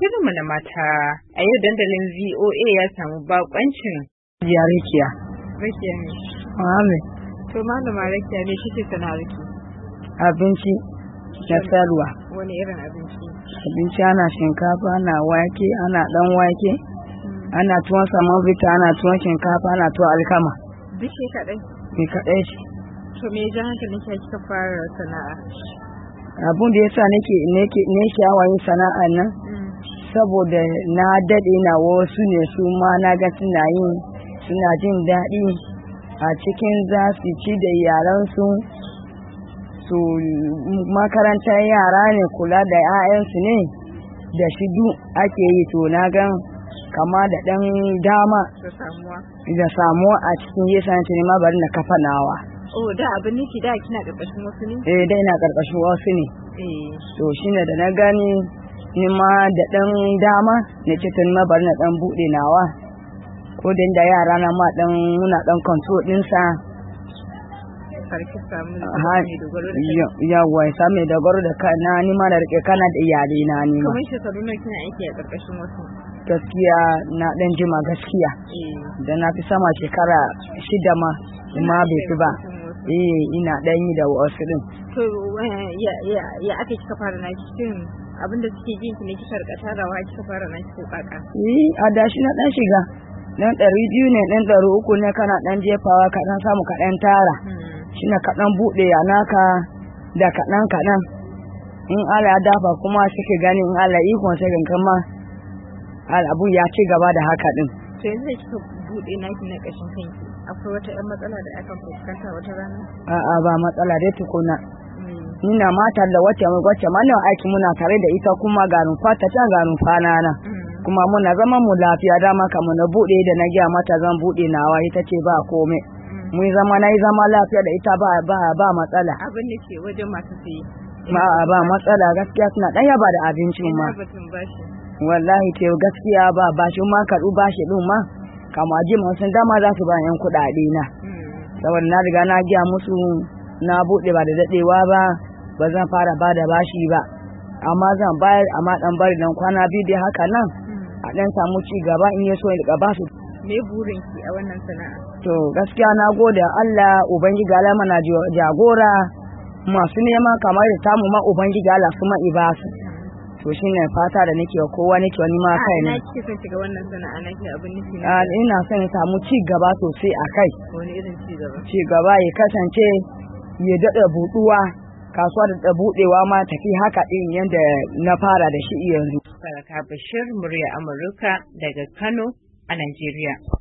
shirinmu na mata a yau dandalin VOA ya samu bakoncin Ya Rikiya. Rikiya ne. Muhammad. To malama Rikiya ne kike sana'arki? Abinci na salwa. Wani irin abinci? Abinci ana shinkafa, ana wake, ana dan wake, hmm. ana tuwon vita, ana tuwon shinkafa, ana tuwon alkama. Duk shi kaɗai? Ni kaɗai shi. To me ya hankalin kika fara sana'a? Abun da ya sa nake nake nake yawan sana'a nan saboda na daɗe na wasu ne su ma na ga suna yin suna jin daɗi a cikin za su ci da yaransu su makarantar yara ne kula da 'ya'yansu ne da shidu ake yi to na gan kama da ɗan dama da samuwa a cikin yasa ne ma bari na kafa nawa. Oh da abin niki da kina ƙarƙashin wasu ne? Eh da ina ƙarƙashin wasu ne. Eh. To shine da na gani ni ma da ɗan dama na ce tun ma bari na ɗan buɗe nawa ko da da yara na ma ɗan muna ɗan control ɗinsa yawwa ya samu dogaro da kana ni ma na rike kana da iyalai na ni ma kuma shekaru na kina aiki a ƙarƙashin wasu gaskiya na ɗan jima gaskiya eh. da na fi sama shekara shida ma ma bai fi ba eh ina ɗan yi da wasu ɗin to ya ake kika fara na cikin abinda suke jin ki ne ki karkata rawa kika fara na ki kokaka eh a dashi na dan shiga dan ɗari biyu ne dan ɗari uku ne kana dan jefawa ka dan samu ka dan tara hmm. shine ka dan bude ya naka da kaɗan kaɗan in Allah ya dafa kuma suke gani in Allah ikon sai kan ma abun ya ci gaba da haka din to yanzu ne kika bude naki na kashin kanki akwai wata 'yan matsala da aka fuskanta wata rana a'a ba matsala dai tukuna nuna mata da wacce wacce mana aiki muna tare da ita kuma ga rumfa ta can ga rumfa nana kuma muna zama mu lafiya dama kamar na bude da na gaya mata zan bude nawa ita ce ba komai mun zama na yi zama lafiya da ita ba ba ba matsala abin da ke wajen masu sayi ma ba matsala gaskiya suna dan yaba da abincin ma wallahi ke gaskiya ba bashi ma kaɗu bashi ɗin ma kama ji sun dama za su ba yan kuɗaɗe na hmm. saboda na riga na gaya musu na buɗe ba da daɗewa ba ba zan fara ba da bashi ba amma zan bayar amma dan bari dan kwana biyu dai haka nan a dan samu ci gaba in yaso so ya rika basu me burin ki a wannan sana'a to gaskiya na gode Allah ubangiji Allah mana jagora masu neman kamar da tamu ma ubangiji Allah kuma ibasu to shine fata da nake kowa nake wani ma kai ne. Ina son shiga wannan sana'a nake abin nufi ne. ina son samu ci gaba sosai a kai. Wani irin ci gaba? Ci gaba ya kasance ya dada buduwa. kasuwa da budewa ma tafi haka din yadda na fara da shi yanzu. Saraka Bashir murya Amurka daga Kano a Najeriya.